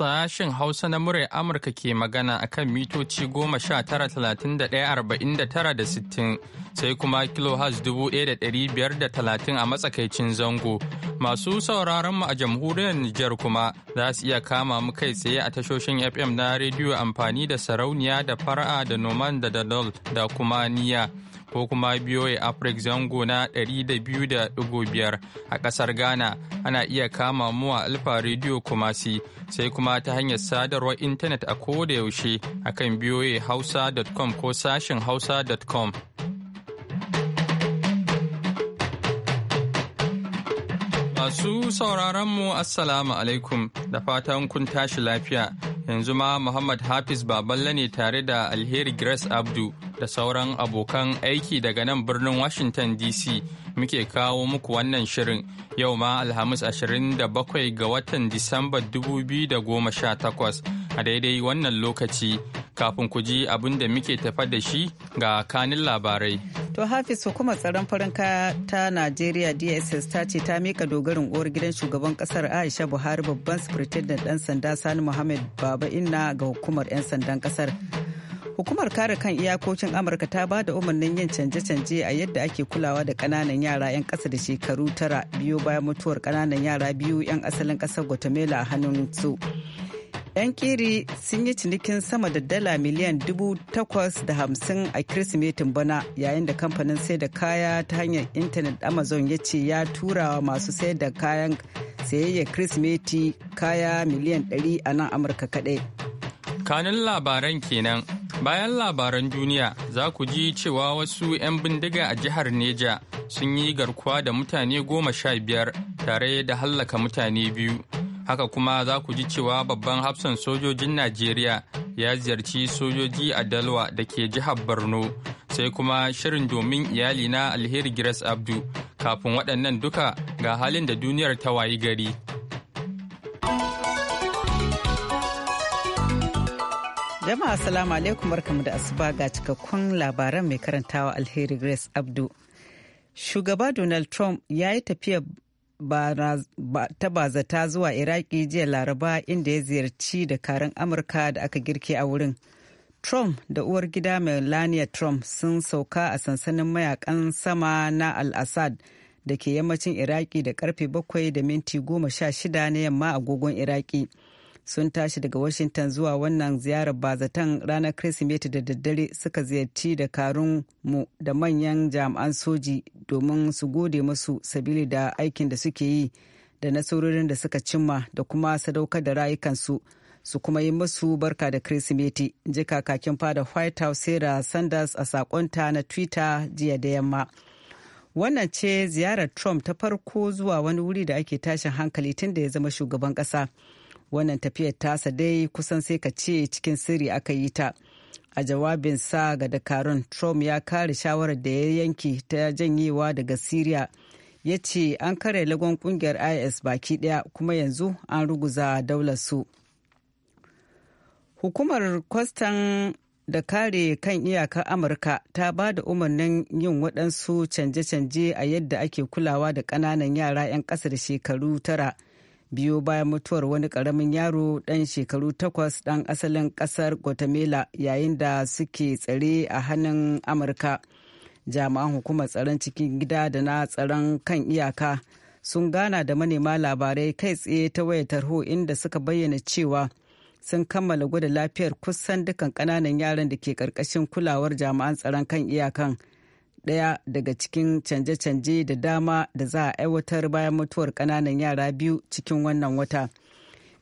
sashen Hausa na muryar Amurka ke magana a kan mitoci 19,31,49,60 sai kuma kilohaz 1,530 a matsakaicin zango. Masu sauraron mu a jamhuriyar Nijar kuma za su iya kama mu kai tsaye a tashoshin FM na rediyo amfani da sarauniya da fara'a da noman da dalol da kuma niya. ko kuma BOA Afrik zango na 200.5 a kasar Ghana ana iya kama mu a Alfa Radio Kumasi sai kuma ta hanyar sadarwar intanet a koda yaushe akan BOA Hausa.com ko sashin Hausa.com. Masu sauraronmu Assalamu alaikum da fatan kun tashi lafiya. Yanzu ma Muhammad Hafiz Baballe ne tare da Alheri Grace Abdu da sauran abokan aiki daga nan birnin Washington DC muke kawo muku wannan shirin yau ma Alhamis 27 ga watan Disamba 2018 a daidai wannan lokaci. kafin ku ji abin da muke tafa da shi ga kanin labarai. To Hafiz hukumar tsaron farin kaya ta Najeriya DSS ta ce ta mika dogarin uwar gidan shugaban kasar Aisha Buhari babban sufurtendent ɗan sanda Sani Muhammad Baba Inna ga hukumar 'yan sandan kasar. Hukumar kare kan iyakokin Amurka ta ba da umarnin yin canje-canje a yadda ake kulawa da ƙananan yara 'yan ƙasa da shekaru tara biyu bayan mutuwar ƙananan yara biyu 'yan asalin ƙasar Guatemala a hannun su. 'yan kiri sun yi cinikin sama da dala miliyan dubu takwas da hamsin a kirsimetin bana yayin da kamfanin sai da kaya ta hanyar intanet amazon ya ce ya tura wa masu sayar da kayan sayayyar kirsimeti kaya miliyan 100 a nan amurka kaɗai. kanun labaran kenan bayan labaran duniya za ku ji cewa wasu 'yan bindiga a jihar neja sun yi garkuwa da mutane goma sha biyar tare da hallaka mutane biyu haka kuma za ku ji cewa babban hafsan sojojin najeriya ya ziyarci sojoji a dalwa da ke jihar borno sai kuma shirin domin iyali na alheri grace abdu kafin waɗannan duka ga halin da duniyar ta wayi gari jama'a assalamu alaikum barkamu da asuba ga cikakkun labaran mai karantawa alheri grace abdu shugaba donald trump ya yi tafiya. ta bazata zuwa iraki jiya laraba inda ya ziyarci da dakarun amurka da aka girke a wurin trump da uwar gida melania trump sun sauka a sansanin mayakan sama na al-assad da ke yammacin iraki da karfe 7 da minti 16 na yamma agogon iraki sun tashi daga washington zuwa wannan ziyarar bazatan ranar kirsimeti da daddare suka ziyarci da karun mu da manyan jami'an soji domin su gode masu sabili da aikin da suke yi da na nasarorin da suka cimma da kuma sadaukar da rayukansu su kuma yi masu barka da kirsimeti ji kakakin fada white house sarah sanders a sakonta na twitter jiya da yamma wannan ce ziyarar trump ta farko zuwa wani wuri da ake tashin hankali tun da ya zama shugaban kasa wannan tafiyar tasa dai kusan sai ka ce cikin sirri aka yi ta a jawabinsa ga dakarun trump ya kare shawarar da ya yanki ta janyewa daga syria ya ce an kare lagon kungiyar is baki daya kuma yanzu an ruguza daular su hukumar kwastan da kare kan iyakar amurka ta ba da umarnin yin waɗansu canje-canje a yadda ake kulawa da ƙananan yara 'yan ƙasa shekaru tara biyu bayan mutuwar wani karamin yaro ɗan shekaru takwas ɗan asalin ƙasar guatemala yayin da suke tsare a hannun amurka jami'an hukumar tsaron cikin gida da na tsaron kan iyaka sun gana da manema labarai kai tsaye ta wayar tarho inda suka bayyana cewa sun kammala gwada lafiyar kusan dukan ƙananan yaran da ke ƙarƙashin kulawar jami'an tsaron kan iyakan ɗaya daga cikin canje-canje da dama da za a aiwatar bayan mutuwar ƙananan yara biyu cikin wannan wata.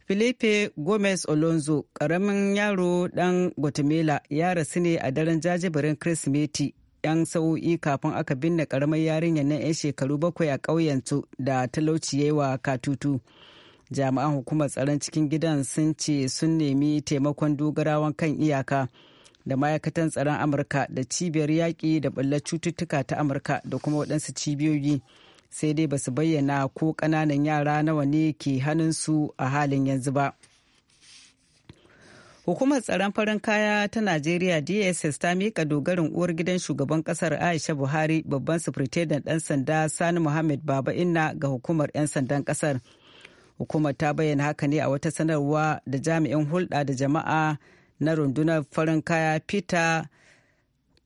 Felipe Gomez Olonzo, ƙaramin yaro ɗan Guatemala, ya rasu ne a daren jajibirin Kirsimeti 'yan sa'o'i kafin aka binne ƙaramar yarinyar na 'yan shekaru bakwai a ƙauyensu da talauci wa katutu. Jami'an hukumar tsaron cikin gidan sun ce sun nemi taimakon dogarawan kan iyaka. da ma'aikatan tsaron amurka da cibiyar yaƙi da ɓallar cututtuka ta amurka da kuma waɗansu cibiyoyi sai dai basu bayyana ko ƙananan yara nawa ne ke hannunsu a halin yanzu ba hukumar tsaron farin kaya ta najeriya dss ta mika dogarin uwar gidan shugaban ƙasar aisha buhari babban sufritedan ɗan sanda sani muhammad baba inna ga hukumar 'yan sandan ƙasar hukumar ta bayyana haka ne a wata sanarwa da jami'in hulɗa da jama'a na rundunar farin kaya peter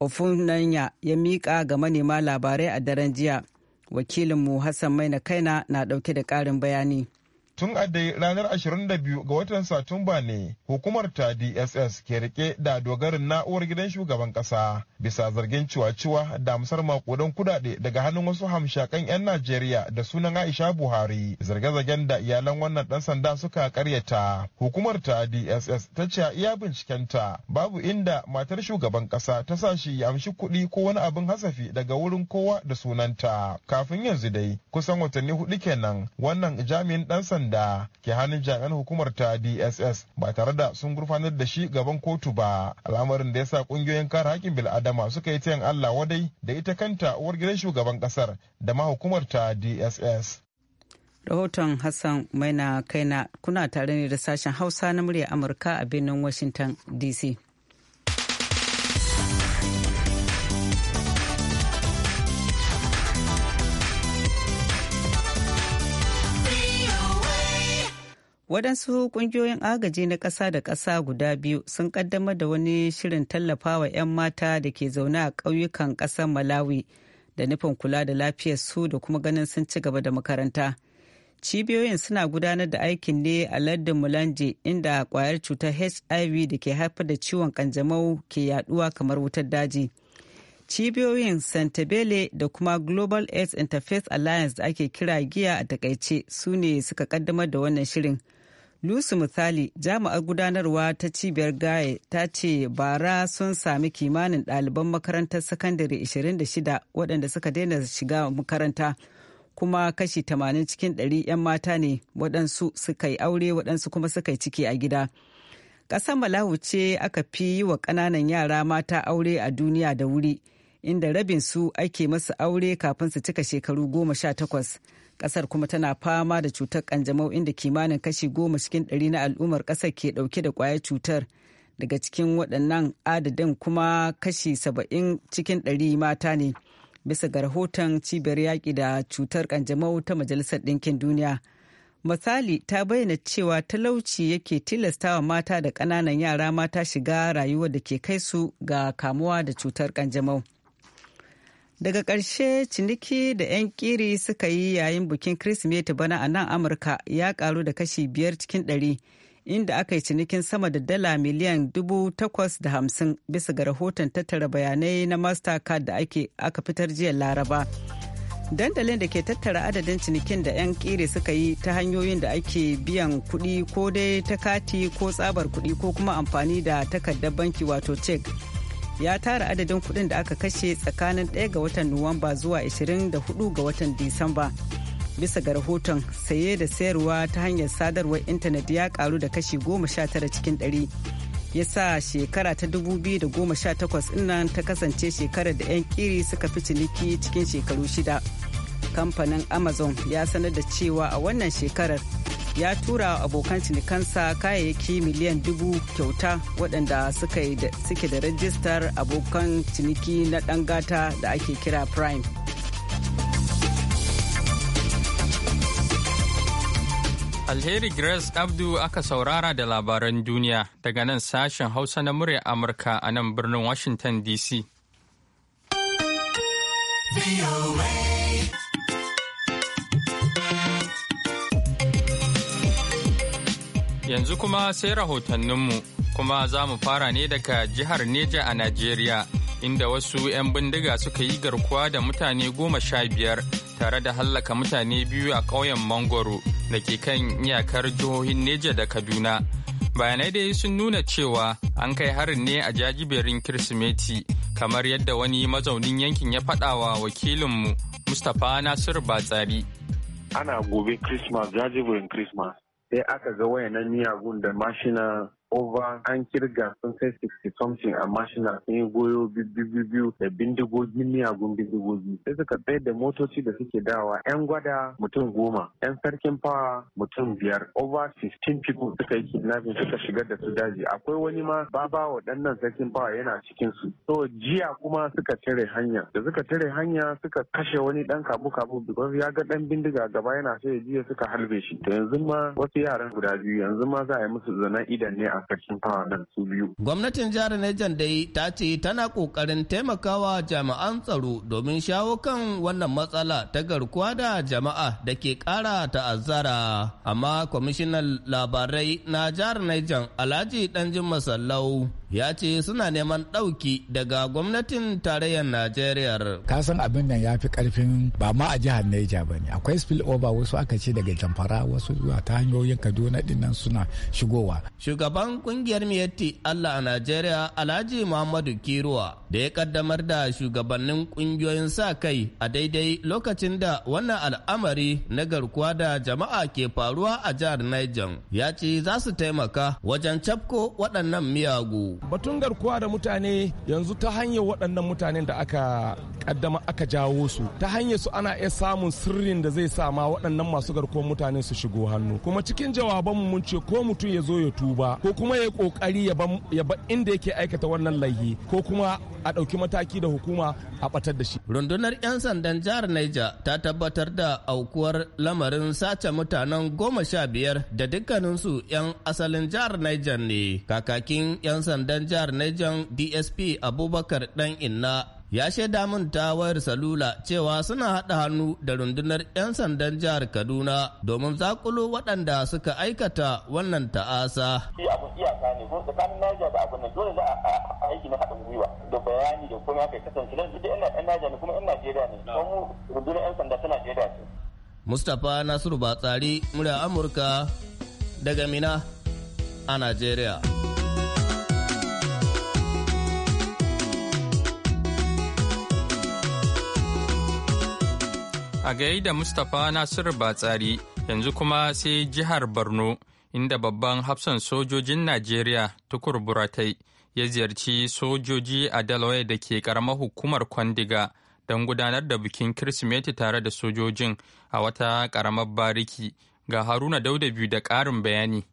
ofunanya ya miƙa ga manema labarai a daren jiya wakilinmu hassan maina kaina na ɗauke da ƙarin bayani tun a dai ranar 22 ga watan satumba ne hukumar ta dss ke rike da dogarin na'uwar gidan shugaban kasa bisa zargin ciwa-ciwa da amsar makudan kudade daga hannun wasu hamshakan 'yan najeriya da sunan aisha buhari zarge-zargen da iyalan wannan dan sanda suka karyata hukumar ta dss ta ce iya bincikenta babu inda matar shugaban kasa ta sa shi ya amshi kuɗi ko wani abin hasafi daga wurin kowa da sunanta kafin yanzu dai kusan watanni hudu kenan wannan jami'in dan sanda da ke hannun jami'an hukumar ta dss ba tare da sun gurfanar da shi gaban kotu ba al'amarin da ya sa kungiyoyin kare haƙƙin bil'adama suka yi tayan allah wadai da ita kanta uwar gidan shugaban ƙasar da ma hukumar ta dss rahoton hassan maina kaina kuna tare ne da sashen hausa na murya amurka a birnin washington dc waɗansu ƙungiyoyin agaji na ƙasa da ƙasa guda biyu sun ƙaddamar da wani shirin tallafawa 'yan mata da ke zaune a ƙauyukan ƙasar malawi da nufin kula da lafiyar su da kuma ganin sun ci gaba da makaranta cibiyoyin suna gudanar da aikin ne a lardin mulanje inda kwayar cutar hiv da ke haifar da ciwon kanjamau ke yaduwa kamar wutar daji cibiyoyin santabele da kuma global aids interface alliance da ake kira giya a takaice su ne suka kaddamar da wannan shirin lusu misali jami'ar gudanarwa ta cibiyar gaye ta ce bara sun sami kimanin ɗaliban makarantar sakandare 26 waɗanda suka daina shiga makaranta kuma kashi 80 cikin 100 'yan mata ne waɗansu suka yi aure waɗansu kuma suka yi ciki a gida ƙasar malawi ce aka fi yi wa ƙananan yara mata aure a duniya da wuri inda rabin su ake masu aure kafin su cika shekaru goma sha takwas kasar kuma tana fama da cutar kanjamau inda kimanin kashi goma cikin ɗari na al'ummar kasar ke ɗauke da kwayar cutar daga cikin waɗannan adadin kuma kashi saba'in cikin ɗari mata ne bisa ga rahoton cibiyar yaƙi da cutar kanjamau ta majalisar ɗinkin duniya misali ta bayyana cewa talauci yake tilastawa mata da ƙananan yara mata shiga rayuwar da ke kai su ga kamuwa da cutar kanjamau. daga ƙarshe ciniki da 'yan kiri suka yi yayin bikin kirsimeti bana a nan amurka ya karu da kashi biyar cikin ɗari inda aka yi cinikin sama da dala miliyan dubu takwas da hamsin bisa ga rahoton tattara bayanai na mastercard da ake aka fitar jiya laraba dandalin da ke tattara adadin cinikin da 'yan ƙiri suka yi ta hanyoyin da ake biyan kuɗi ko dai ta kati ko tsabar kuɗi ko kuma amfani da takardar banki wato cek ya tara adadin kudin da aka kashe tsakanin 1 ga watan nuwamba zuwa 24 ga watan disamba bisa ga rahoton saye da sayarwa ta hanyar sadarwar intanet ya karu da kashi 19 cikin 100 ya sa shekara ta 2018 nan ta kasance shekarar da 'yan kiri suka fi ciniki cikin shekaru shida kamfanin amazon ya sanar da cewa a wannan shekarar ya tura abokan cinikansa kayayyaki miliyan dubu kyauta waɗanda suke da rajistar abokan ciniki na ɗan gata da ake kira prime alheri grace abdu aka saurara da labaran duniya daga nan sashen hausa na murya amurka a nan birnin washington dc yanzu kuma sai rahotanninmu kuma za mu fara ne daga jihar Neja a Najeriya inda wasu 'yan bindiga suka yi garkuwa da mutane goma sha biyar tare da hallaka mutane biyu a ƙauyen Mangoro da ke kan iyakar jihohin Neja da Kaduna. Bayanai dai sun nuna cewa an kai harin ne a jajiberin Kirsimeti kamar yadda wani mazaunin yankin ya faɗa wa wakilinmu Mustapha Nasiru Batsari. ana gobe christmas jajiberin christmas sai aka ga wayannan miyagun da mashina over an kirga sun kai 60 something a mashina sun yi goyo biyu da bindigogi miyagun bindigogi sai suka tsaye da motoci da suke dawa yan gwada mutum goma yan sarkin fawa mutum biyar over 15 people suka yi kidnapping suka shigar da su daji akwai wani ma babawa waɗannan sarkin fawa yana cikin su so jiya kuma suka tare hanya da suka tare hanya suka kashe wani dan kabu kabu because ya ga dan bindiga gaba yana so ya jiya suka halbe shi to yanzu ma wasu yaran guda biyu yanzu ma za a yi musu zanen idan ne a karshen su biyu. Gwamnatin jihar Nejan dai ta ce tana ƙoƙarin taimakawa jami'an tsaro domin shawo kan wannan matsala ta garkuwa da jama'a da ke ƙara ta'azzara. Amma kwamishinan labarai na jihar nejan Alhaji Danjin Masallau ya ce suna neman ɗauki daga gwamnatin tarayyar Najeriya. Ka san abin nan ya fi ƙarfin ba ma a jihar Neja ba ne. Akwai spill over wasu aka ce daga Jamfara wasu zuwa ta hanyoyin Kaduna dinnan suna shigowa. Shugaban kungiyar Miyetti Allah a Najeriya Alhaji Muhammadu Kiruwa da ya kaddamar da shugabannin kungiyoyin sa kai a daidai lokacin da wannan al'amari na garkuwa da jama'a ke faruwa a jihar Niger ya ce za su taimaka wajen cafko waɗannan miyagu. batun garkuwa da mutane yanzu ta hanyar waɗannan mutanen da aka kaddama aka jawo su ta hanyar su ana iya samun sirrin da zai sa ma waɗannan masu garkuwar mutane su shigo hannu kuma cikin jawaban mu mun ce ko mutum ya zo ya tuba ko kuma ya kokari ya ba inda yake aikata wannan laihi ko kuma a ɗauki mataki da hukuma a ɓatar da shi. Rundunar 'yan sandan jihar Niger ta tabbatar da aukuwar lamarin sace mutanen goma sha biyar da dukkaninsu 'yan asalin jihar Niger ne. Kakakin 'yan sandan sandan jihar Niger DSP Abubakar Dan Inna ya shaida min ta wayar salula cewa suna haɗa hannu da rundunar 'yan sandan jihar Kaduna domin zakulo waɗanda suka aikata wannan ta'asa. Shi abun iyaka ne, ko tsakanin Niger da abu nan dole za a aiki na haɗin gwiwa da bayani da kuma kai kasance nan duk 'yan Niger ne kuma 'yan Najeriya ne, kuma rundunar 'yan sanda ta Najeriya ce. Mustapha Nasiru Batsari, murya Amurka daga Mina a Najeriya. A gai da Mustapha Nasir Batsari yanzu kuma sai jihar Borno inda babban hafsan sojojin Najeriya tukur buratai ya ziyarci sojoji a Delaware da ke karamar hukumar Kwandiga don gudanar da bikin Kirsimeti tare da sojojin a wata karamar bariki ga Haruna Dauda biyu da ƙarin bayani.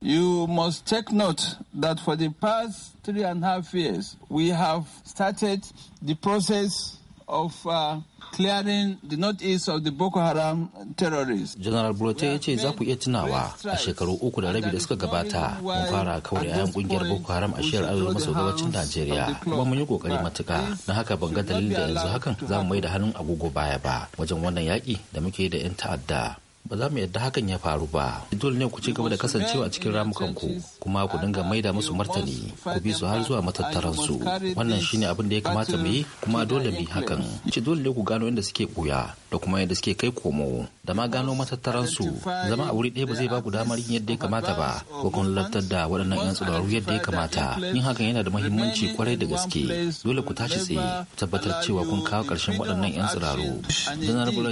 You must take note that for the past three and a half years, we have started the process of uh, clearing the northeast of the Boko Haram terrorists. General Bulote ya ce za ku iya tunawa a shekaru uku da rabi da suka gabata mun fara kawai yayan kungiyar Boko Haram a shiyar arewa maso gabacin Najeriya kuma mun yi kokari matuka na haka ban ga dalilin da yanzu hakan za mu mai da hannun agogo baya ba wajen wannan yaki da muke da 'yan ta'adda. ba za mu yadda hakan ya faru ba dole ne ku ci gaba da kasancewa a cikin ku. kuma ku dinga maida musu martani ku bi su har zuwa matattaransu wannan shine abin da ya kamata mu yi kuma dole mu yi hakan ci dole ne ku gano inda suke buya da kuma yadda suke kai komo da ma gano matattaransu zama a wuri ɗaya ba zai ba ku damar yin yadda ya kamata ba ko kun lantar da waɗannan 'yan tsiraru yadda ya kamata yin hakan yana da muhimmanci kwarai da gaske dole ku tashi tsaye tabbatar cewa kun kawo ƙarshen waɗannan 'yan tsiraru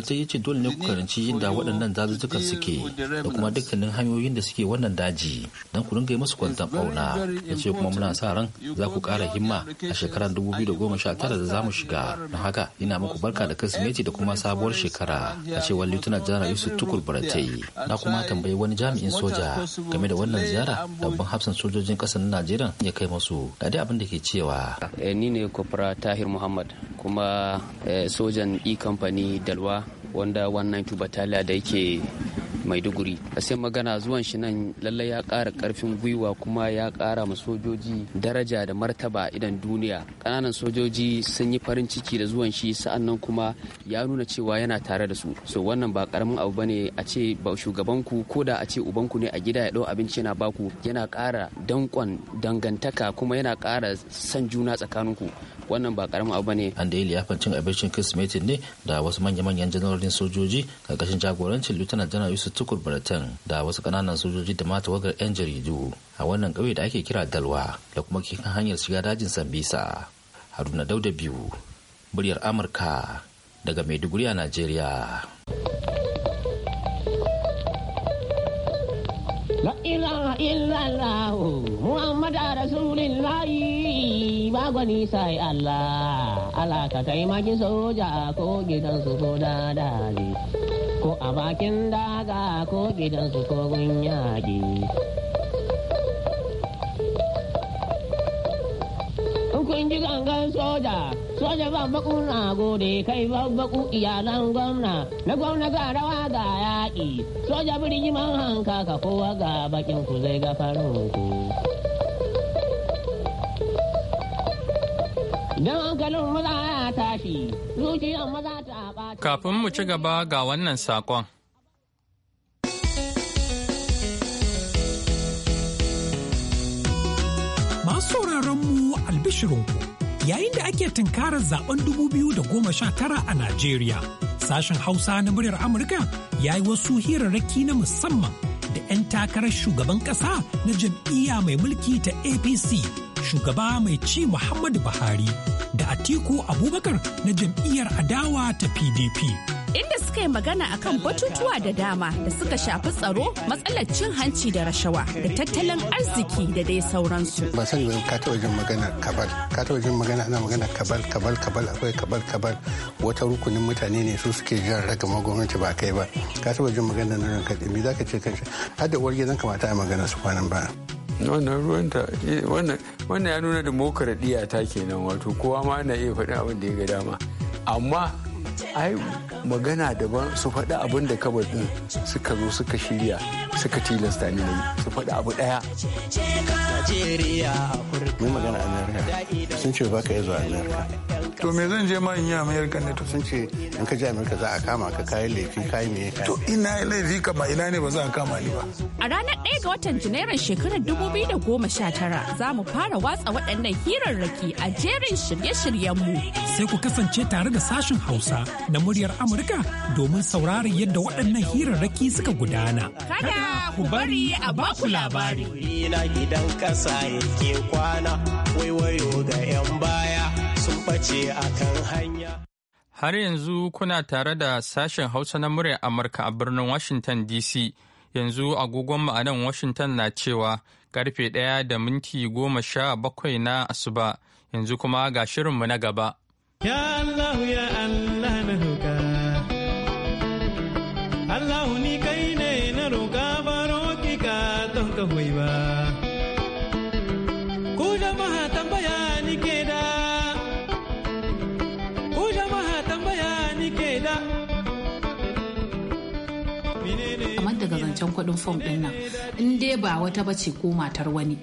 da ya ce dole ne ku karanci yin da waɗannan dazuzzukan suke da kuma dukkanin hanyoyin da suke wannan daji don ku dinga yi musu kwantan bauna ya ce kuma muna sa ran za ku kara himma a shekarar 2019 da za mu shiga don haka ina muku barka da kirsimeti da kuma sabuwar shekara a cewar lieutenant general yusuf tukur baratai na kuma tambayi wani jami'in soja game da wannan ziyara babban hafsan sojojin ƙasar najeriya ya kai musu dadi abin da ke cewa eh, ni ne kwafra tahir muhammad kuma eh, sojan e company dalwa wanda 192 bataliya da yake maiduguri sai magana zuwan shi nan lallai ya kara karfin gwiwa kuma ya kara ma sojoji daraja da martaba idan duniya ƙananan sojoji sun yi farin ciki da zuwan shi sa'annan kuma ya nuna cewa yana tare da su so wannan ba karamin abu bane a ce ba shugabanku ko da a ce ubanku ne a gida ya ɗau abinci yana baku yana ƙara danƙon dangantaka kuma yana kara san juna tsakaninku wannan ba karamin abu bane an da liyafan cin abincin kirsimeti ne da wasu manya-manyan janarorin sojoji karkashin jagorancin lieutenant general yusuf tukur buratan da wasu kananan sojoji da mata wagar 'yan jaridu a wannan ƙauye da ake kira dalwa da kuma kan hanyar shiga dajin sambisa haruna dauda biyu muryar amurka daga maiduguri a najeriya La ilaha illallah Muhammad Rasulullah ba gwani sai Allah Allah ka taimaki soja ko gidan su ko dadali ko a bakin daga ko gidan su ko gun yaƙi. kun ji gangan soja soja ban baku na gode kai ban baku iyalan gwamna na gwamna ga rawa ga yaƙi soja birni man hanka ka kowa ga bakin ku zai ga farin ku dan hankalin maza ya tashi zuciyar maza ta kafin mu ci gaba ga wannan saƙon. Masu mu albishirinku yayin da ake tunkarar zaben 2019 a Najeriya. Sashen Hausa na muryar Amurka ya yi wasu hirarraki na musamman da 'yan takarar shugaban ƙasa na jam'iyya mai mulki ta APC, shugaba mai ci Muhammadu Buhari. da Atiku Abubakar na jam'iyyar adawa ta PDP. Inda suka yi magana akan batutuwa da dama da suka shafi tsaro matsalar cin hanci da rashawa da tattalin arziki da dai sauransu. Ba san ka taɓa jin magana kabal, ka taɓa jin magana ana magana kabal kabal kabal akwai kabal kabal wata rukunin mutane ne su suke jan ragama gwamnati ba kai ba. Ka taɓa jin magana nan kan ɗimi za ka ce kan shi har da uwar kamata a magana su kwanan ba. wannan ruwanta wannan ya nuna da demokaradiyya ta kenan wato kowa ma na iya faɗin abin da ya ga dama amma ai magana daban su faɗi abin da kabar ɗin suka zo suka shirya suka tilasta ni na su faɗi abu ɗaya. Mai magana a Amerika sun ce baka iya zuwa Amerika. to me zan je ma in yi Amerika ne to sun ce in ka je Amerika za a kama ka kayi laifi kayi me to ina laifi ka ba? ina ne ba za a kama ni ba a ranar ɗaya ga watan janairun shekarar 2019 za mu fara watsa waɗannan hirarraki a jerin shirye-shiryenmu sai ku kasance tare da sashen hausa na muryar amurka domin sauraron yadda waɗannan hirarraki suka gudana kada ku bari a baku labari Ina gidan ƙasa yake kwana waiwayo ga 'yan baya ce akan hanya. Har yanzu kuna tare da sashen Hausa na muryar Amurka a birnin Washington DC. Yanzu agogon ma'anan Washington na cewa karfe ɗaya da minti goma sha bakwai na asuba. Yanzu kuma ga shirinmu na gaba. Ya Allah ya Allah na Allah ni kuɗin fom ɗin nan in dai ba wata bace ko matar wani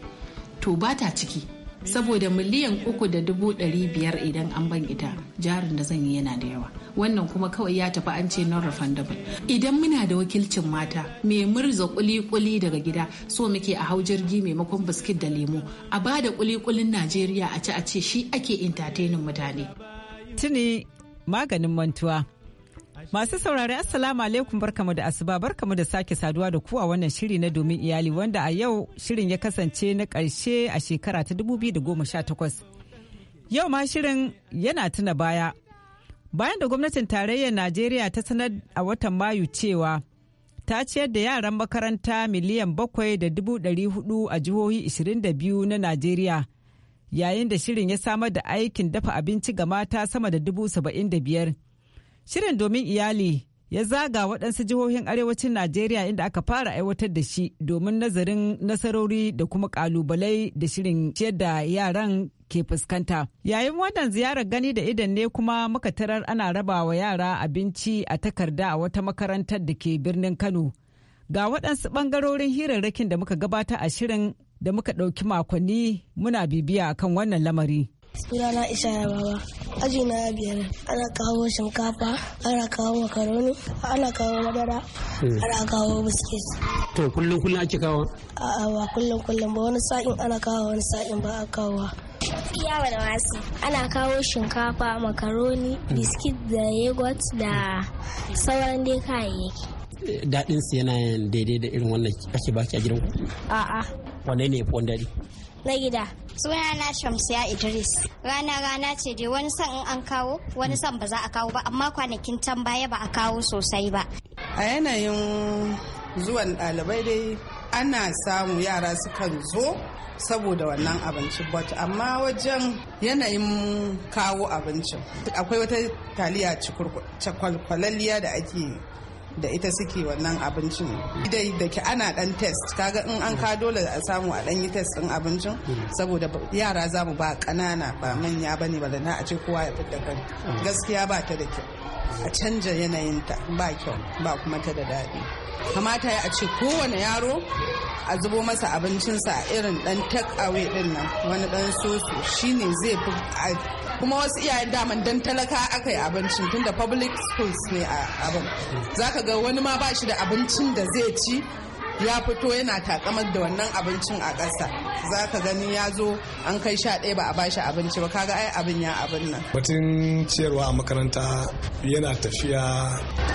to ba ta ciki saboda miliyan uku da dubu ɗari biyar idan an ban ita jarin da zan yi yana da yawa wannan kuma kawai ya tafi an ce non refundable idan muna da wakilcin mata mai murza kuli-kuli daga gida so muke a hau jirgi maimakon biskit da lemo a ba da kuli-kulin najeriya a ci a ce shi ake intatenin mutane tuni maganin mantuwa Masu saurari Assalamu alaikum barkamu da asuba barkamu da sake saduwa da kuwa wannan shiri na domin iyali wanda a yau shirin ya kasance na ƙarshe a shekara ta 2018. Yau ma shirin yana tuna baya. Bayan da gwamnatin tarayyar Najeriya ta sanar a watan Mayu cewa ta ciyar da yaran makaranta miliyan bakwai da dubu ɗari hudu a jihohi 22 na Najeriya yayin da shirin ya samar da aikin dafa abinci ga mata sama da dubu saba'in da biyar. Shirin domin iyali ya zaga waɗansu jihohin arewacin Najeriya inda aka fara aiwatar da shi domin nazarin nasarori da kuma kalubalai da shirin ciyar da yaran ke fuskanta. Yayin wannan ziyarar gani da idan ne kuma muka tarar ana raba wa yara abinci a takarda a wata makarantar da ke birnin Kano. Ga waɗansu ɓangarorin hirarrakin da muka gabata a shirin da muka ɗauki makonni muna bibiya akan wannan lamari. sunana isa ya aji na biyar ana kawo shinkafa ana kawo makaroni ana kawo madara hmm. ana kawo biskit to kullum kullum ake kawo a'a ba kullum kullum ba wani sa'in ana kawo wani sa'in ba a kawo yawa da wasu ana kawo shinkafa makaroni hmm. biskit da yogurt da sauran dai kayayyaki daɗinsu yana daidai da irin wannan ake baki a gidan ku a'a wanne ne ya fi wani daɗi na gida suna na shamsiya idris rana rana ce dai wani san in an kawo wani san ba za a kawo ba amma kwanakin can baya ba a kawo sosai ba a yanayin zuwan ɗalibai dai ana samu yara sukan zo saboda wannan abinci but amma wajen yanayin kawo abincin akwai wata taliya cakwalkwalaliya da ake da ita suke wannan abincin dai da ke ana dan test kaga in an ka dole a samu a dan yi test din abincin saboda yara za mu ba kanana ba manya bane ba da na a ce kowa ya fita kan gaskiya ba ta da kyau a canja yanayin ta ba kyau ba kuma ta da daɗi kamata ya a ce kowane yaro a zubo masa abincinsa a irin dan take away din nan wani dan soso shine zai fi kuma wasu iyayen daman dan talaka aka yi abincin tunda public schools ne a abin zaka ga wani ma ba shi da abincin da zai ci ya fito yana takamar da wannan abincin a ƙasa za ka gani ya zo an kai sha ɗaya ba a bashi abinci ba kaga ai abin ya abin nan batun ciyarwa a makaranta yana tafiya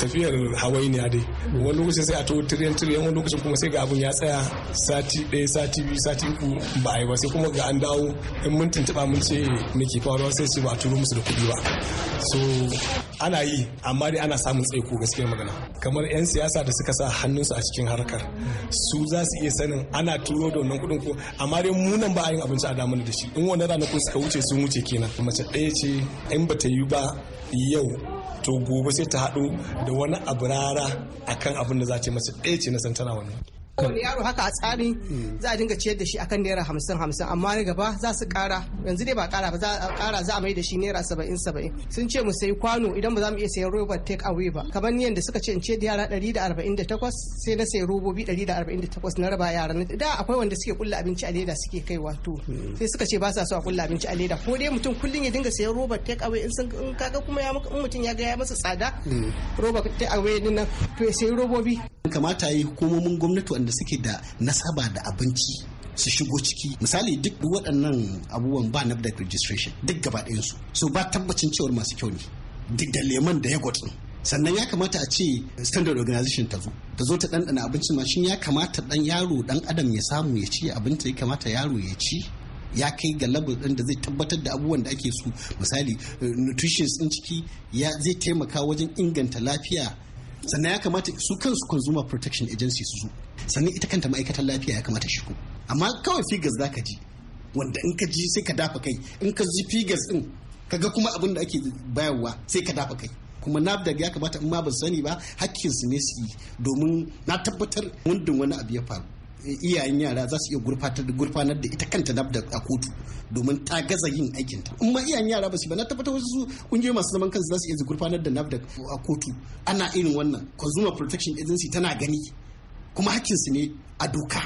tafiyar hawainiya dai wani lokacin sai a to tiriyan tiriyan wani lokacin kuma sai ga abin ya tsaya sati ɗaya sati biyu sati uku ba a yi ba sai kuma ga an dawo in mun tuntuɓa mun ce me ke faruwa sai su ba a turo musu da kuɗi ba so ana yi amma dai ana samun tsaiko gaskiyar magana kamar 'yan siyasa da suka sa hannunsu a cikin harkar su za su iya sanin ana turo da wannan kuɗin ko amma dai mu ba a yin abinci a damar da shi in wannan ranakun suka wuce sun wuce kenan mace ɗaya ce in ba ta yi ba yau to gobe sai ta haɗu da wani abu rara akan abin da za ta yi mace ɗaya ce na san tana wannan kowane yaro haka a tsari mm. za a dinga ciyar da shi akan naira hamsin hamsin amma na gaba za su kara yanzu dai ba kara ba za a kara za a mai da shi naira saba'in saba'in sun ce mu sayi kwano idan ba za mu iya sayan robar take away ba kamar ni yanda suka ce in ce da yara ɗari da arba'in da takwas sai na sayi robobi ɗari da arba'in da takwas na raba yaran da akwai wanda suke kulla abinci a leda suke kai wato mm. sai suka ce ba sa so a kulla abinci a leda ko dai mutum kullum ya dinga sayan robar take away in sun kaga kuma ya in mutum ya ga ya masa tsada mm. robar take away din nan to ya sayi robobi kamata yi hukumomin gwamnati waɗanda suke da nasaba da abinci su shigo ciki misali duk waɗannan abubuwan ba nafdak registration duk gaba ɗayansu so ba tabbacin cewar masu kyau ne duk da leman da ya gwatsu sannan ya kamata a ce standard organization ta zo ta zo ta ɗanɗana abincin mashin ya kamata ɗan yaro ɗan adam ya samu ya ci abinci ya kamata yaro ya ci ya kai ga labar ɗin da zai tabbatar da abubuwan da ake so misali nutrition ɗin ciki ya zai taimaka wajen inganta lafiya sannan ya kamata su kansu consumer protection agency su zo sannan ita kanta ma'aikatar lafiya ya kamata shigo amma kawai figures ka ji wanda in ka ji sai ka dafa kai in ka ji figures din ga kuma abin da ake bayarwa sai ka dafa kai kuma na da ya kamata in ma ban sani ba su ne su yi domin na tabbatar wundin wani abu ya faru iyayen yara za su iya gurfanar da ita kanta nafda a kotu domin ta gaza yin aikinta ta amma iyayen yara ba su ba na tabbatar wasu kungiyoyi masu zaman kansu za su iya gurfanar da nafda a kotu ana irin wannan consumer protection agency tana gani kuma hakkin su ne a doka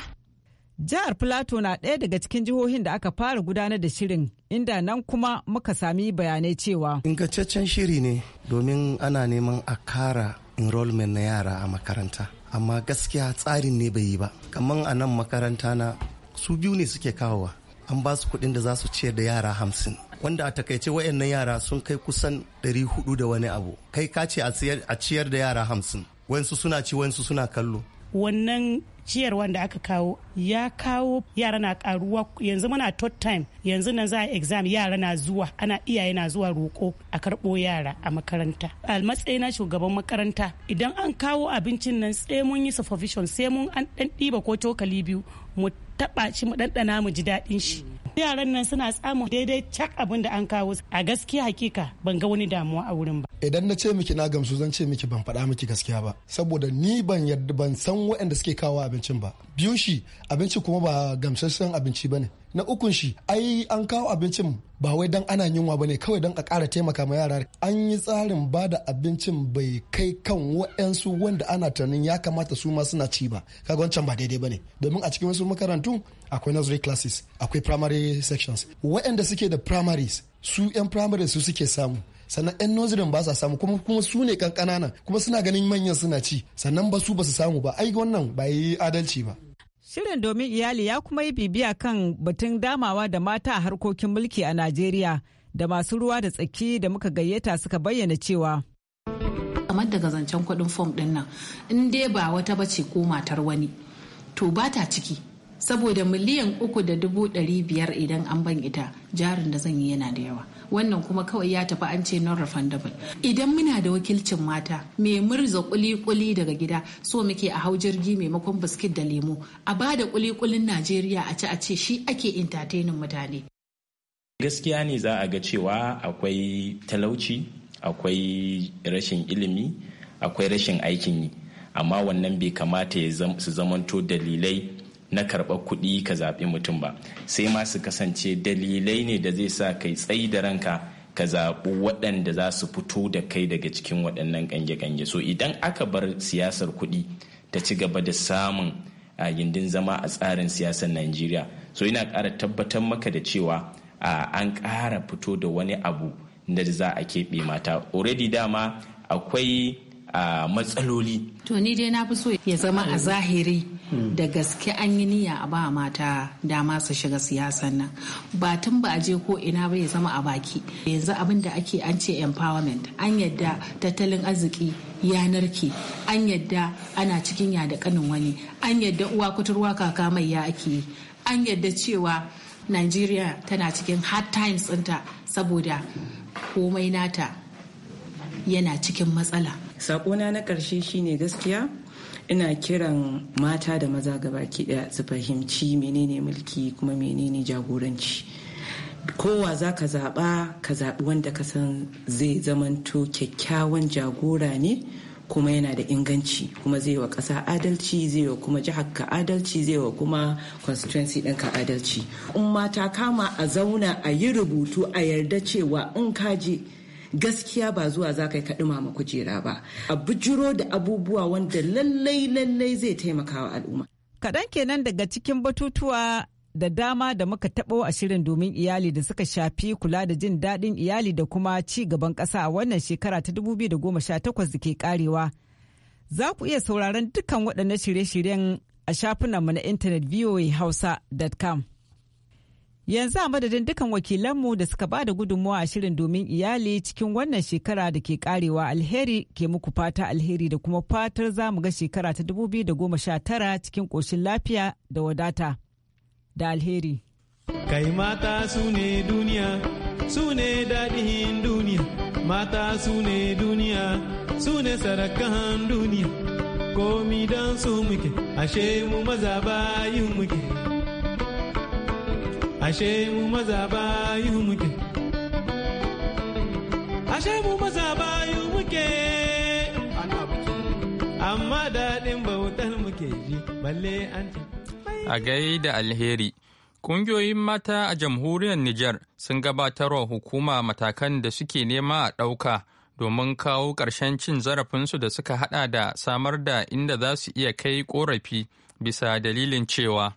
Jihar Plateau na ɗaya daga cikin jihohin da aka fara gudanar da shirin inda nan kuma muka sami bayanai cewa. Ingantaccen shiri ne domin ana neman a kara enrollment na yara a makaranta. amma gaskiya tsarin ne bai yi ba kamar a nan makaranta na su biyu ne suke kawowa an ba su kuɗin da za su ciyar da yara hamsin wanda a takaice wayannan yara sun kai kusan ɗari hudu da wani abu kai ka ce a ciyar da yara hamsin wayansu suna ci wayansu suna kallo wannan ciyar wanda aka kawo ya kawo yara na karuwa yanzu muna tot time yanzu nan za a exam yara na zuwa ana iyaye na zuwa roko a karbo yara a makaranta a matsayi na shugaban makaranta idan an kawo abincin nan sai mun yi supervision sai mun an dan ɗiba ko cokali biyu mu taɓa shi mu ɗanɗana mu ji daɗin shi yaran nan suna samun daidai cak abin da an kawo a gaskiya hakika ban ga wani damuwa a wurin ba idan na ce miki na gamsu zan ce miki ban faɗa miki gaskiya ba saboda ni ban yarda ban san waɗanda suke kawo abincin ba biyu shi abinci kuma ba gamsasshen abinci ba ne. na ukun shi ai an kawo abincin ba wai dan ana yunwa ba ne kawai dan a kara taimaka ma yara an yi tsarin ba da abincin bai kai kan wa'yansu wanda ana tunanin ya kamata su ma suna ci ba kaga wancan ba daidai ba ne domin a cikin wasu makarantu akwai nursery classes akwai primary sections wa'yanda suke da primaries su 'yan primaries su suke samu sannan 'yan nozirin ba sa samu kuma kuma su ne kanana kuma suna ganin manyan suna ci sannan ba su ba su samu ba ai wannan ba yi adalci ba Shirin domin iyali ya kuma yi bibiya kan batun damawa da mata a harkokin mulki a Najeriya da masu ruwa da tsaki da muka gayyata suka bayyana cewa. kamar daga zancen kuɗin fom ɗin nan in dai ba wata bace ko matar wani to ba ta ciki saboda miliyan uku da dubu ɗari biyar idan an ban ita jarin da zan yi yana da yawa wannan kuma kawai ya tafi an ce non refundable idan muna da wakilcin mata me murza kuli-kuli daga gida so muke a hau jirgi maimakon biskit da lemu a ba da kuli-kulin najeriya a ci a ce shi ake entertaining mutane gaskiya ne za a ga cewa akwai talauci akwai rashin ilimi akwai rashin aikin yi amma wannan bai kamata su zamanto dalilai na karɓar kuɗi ka zaɓi mutum ba sai ma su kasance dalilai ne da zai sa kai tsayi da ranka ka zaɓi waɗanda za su fito da kai daga cikin waɗannan ƙange-ƙange so idan aka bar siyasar kuɗi ta ci gaba da samun a gindin zama a tsarin siyasar najeriya so ina ƙara tabbatar maka da cewa an ƙara fito da wani abu da za a keɓe mata already dama akwai matsaloli to ni dai na fi so ya zama a zahiri Mm. da gaske an yi niyya a ba mata dama su shiga siyasan nan ba tun ba a je ko ina ba ya zama a baki yanzu abin da ake an ce empowerment an yadda tattalin arziki ya narke an yadda ana cikin ya da kanin wani an yadda uwa kuturwa kaka mai ya ake an yadda cewa nigeria tana cikin hard times ɗinta saboda komai nata yana cikin matsala sakona na ƙarshe shine gaskiya ina kiran mata da maza gaba daya su fahimci menene mulki kuma menene jagoranci kowa za ka zaɓa ka zaɓi wanda ka san zai zamanto kyakkyawan jagora ne kuma yana da inganci kuma zai wa ƙasa adalci zai wa kuma jihar ka adalci zai wa kuma constituency ka adalci in mata kama a zauna a yi rubutu a yarda cewa in kaje gaskiya ba zuwa za ka yi kaɗuma ma kujera ba a da abubuwa wanda lallai lallai zai taimaka wa al'umma kaɗan kenan daga cikin batutuwa da dama da muka taɓo a shirin domin iyali da suka shafi kula da jin daɗin iyali da kuma ci gaban ƙasa a wannan shekara ta dubu biyu da goma sha takwas da ke ƙarewa Za ku iya sauraron dukkan waɗannan shirye-shiryen a shafinanmu na intanet voahausa.com. Yanzu a madadin dukan wakilanmu da suka bada gudunmuwa a shirin domin iyali cikin wannan shekara da ke karewa alheri ke muku fata alheri da kuma fatar za mu ga shekara ta 2019 cikin ƙoshin lafiya da wadata da alheri. Kai mata su ne duniya, su ne daɗin duniya, mata su ne duniya, su ne sarakan duniya, komi don su muke, ashe mu maza bayin muke. ashe mu maza bayu muke ashe mu maza bayu muke amma daɗin bautar muke ji balle an a gaida alheri Ƙungiyoyin mata a jamhuriyar Nijar sun gabatarwa hukuma matakan da suke nema a ɗauka domin kawo ƙarshen cin zarafinsu da suka haɗa da samar da inda za su iya kai ƙorafi bisa dalilin cewa.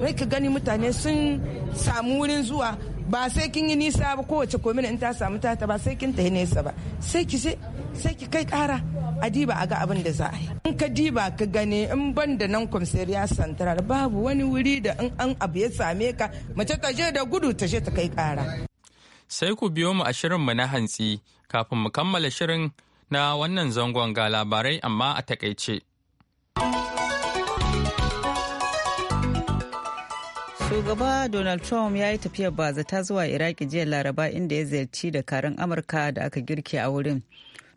Wai ka gani mutane sun samu wurin zuwa ba sai kin yi nisa ba kowace komina in ta samu tata ba sai kin tafi nesa ba sai ki sai ki kai kara a diba a ga abin da za a yi in ka diba ka gani in ban da nan kwamsariya santarar babu wani wuri da in an abu ya same ka mace ta je da gudu ta je ta kai kara sai ku biyo mu a shirin mu na hantsi kafin mu kammala shirin na wannan zangon ga labarai amma a takaice. shugaba donald trump ya yi tafiyar bazata zuwa iraki jiya laraba inda ya ziyarci dakarun amurka da aka girke a wurin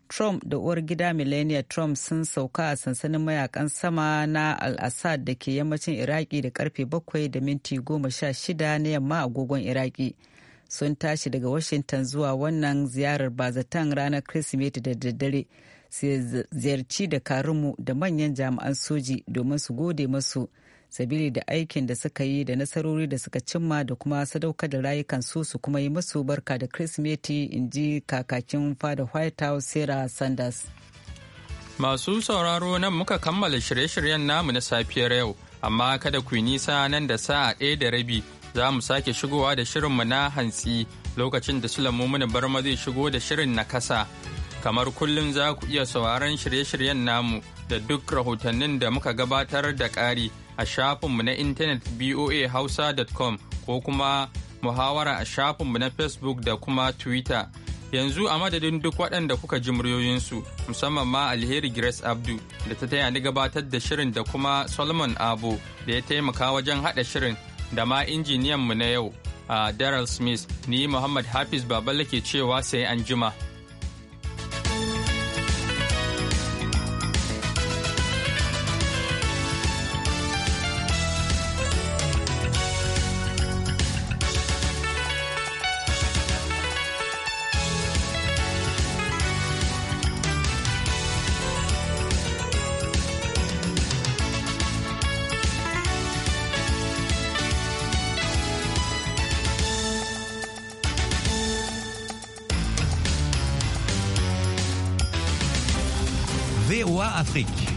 trump da uwar gida melania trump sun sauka a sansanin mayakan sama na al-assad da ke yammacin iraki da karfe 7 da minti 16 na yamma agogon iraki sun tashi daga washington zuwa wannan ziyarar bazatan ranar kirsimeti da daddare sai ziyarci da karinmu da manyan jami'an soji domin su gode masu sabili da aikin da suka yi da nasarori da suka cimma da kuma sadaukar da rayukan su su kuma yi musu barka da kirsimeti in ji kakakin fada white house sarah sanders masu sauraro nan muka kammala shirye-shiryen namu na safiyar yau amma kada ku nisa nan da sa'a ɗaya da rabi za mu sake shigowa da shirin mu na hantsi lokacin da sulamu mini barma zai shigo da shirin na kasa kamar kullum za ku iya sauraron shirye-shiryen namu da duk rahotannin da muka gabatar da ƙari a shafinmu na intanet voahausa.com ko kuma muhawara a shafinmu na facebook da kuma twitter yanzu a madadin duk waɗanda kuka ji muryoyinsu musamman ma alheri grace abdu da ta taya ni gabatar da shirin da kuma solomon abu da ya taimaka wajen haɗa shirin da ma injiniyanmu na yau a daryl smith ni muhammad hafiz baballa ke cewa sai an jima.